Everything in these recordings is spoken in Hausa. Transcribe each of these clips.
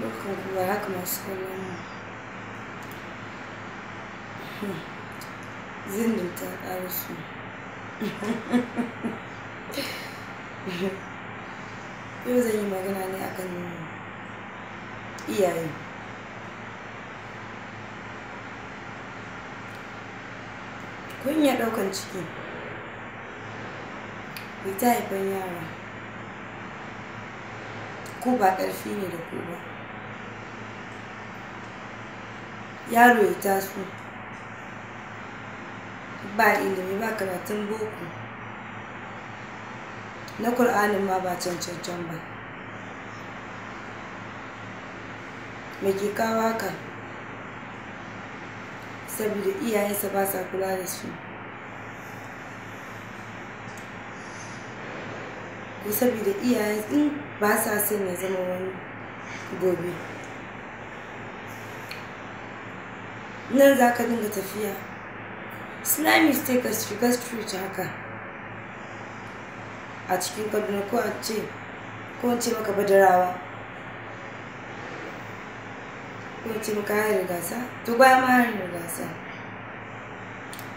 da kuma haka masu kallon mu zindin ta su yau zan yi magana ne akan iyaye kunya ɗaukan ciki ita haifan yara ko ba ƙarfi ne da ku ba yaro ya taso ba ilimi ba karatun boko na ƙur'anin ma ba cancancan ba me ke kawo haka saboda iyayensa ba sa kula da su ko saboda iyayen in ba sa son ya zama wani gobe nan za ka dinga tafiya islami sai ka shiga street haka a cikin kaduna ko a ce ko ce maka badarawa ko ce maka hari gasa to bayan ma da gasa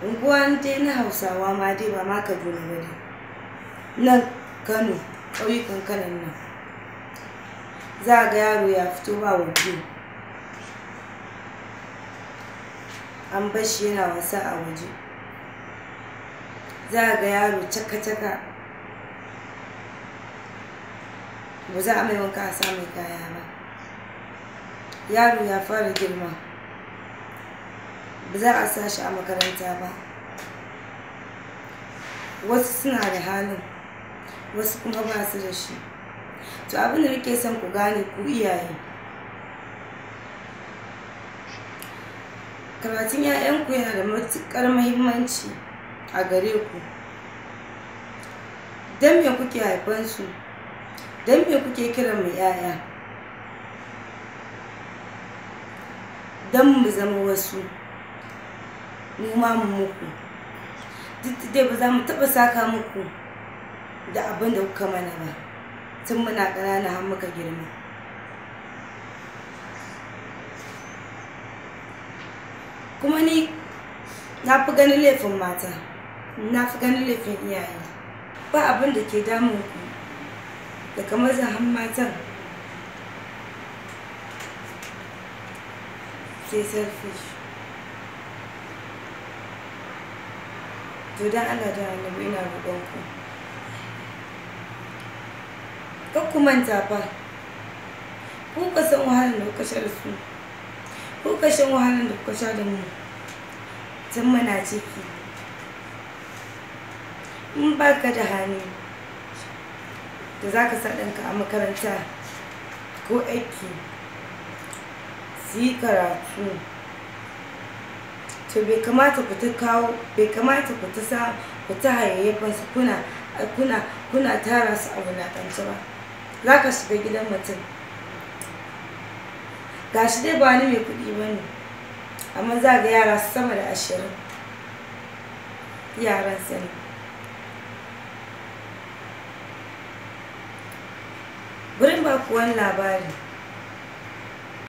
unguwa dai na hausawa ma dai ba ma kaduna ba ne nan kano ƙauyukan kanan nan za ga yaro ya fito ba wajen an bashi yana wasa a waje za a ga yaro caka-caka ba za a mai wanka a sa mai kaya ba yaro ya fara girma ba za a sa shi a makaranta ba wasu suna da halin wasu kuma ba su da shi to abin da nake son ku gane ku iyaye karatun 'ya'yanku yana da matuƙar muhimmanci a gare ku don me kuke haifansu don me kuke kiran mu 'ya'ya don mu zama wasu mu ma mu muku duk dai ba za mu taɓa saka muku da abin da kuka mana ba tun muna ƙanana har muka girma kuma ni na fi ganin laifin mata na fi ganin laifin iyaye ba abin da ke damun ku da kamar zahan matan sai selfish to don allah da annabi ina roƙon ku kakku manta fa ku ka san wahalar lokacin su ko kashin wahalar da kuka sha da mu tun muna ciki in ba ka da hannu da za ka sa ɗanka a makaranta ko aiki su yi karatu to bai kamata ku ta kawo bai kamata ku ta sa ku ta hayayyafansu kuna kuna kuna tara su a wulaƙance ba za ka shiga gidan mutum gashi dai ba ni mai kuɗi ba amma za ga yara sama da ashirin yaran sani gurin ba kuwan labari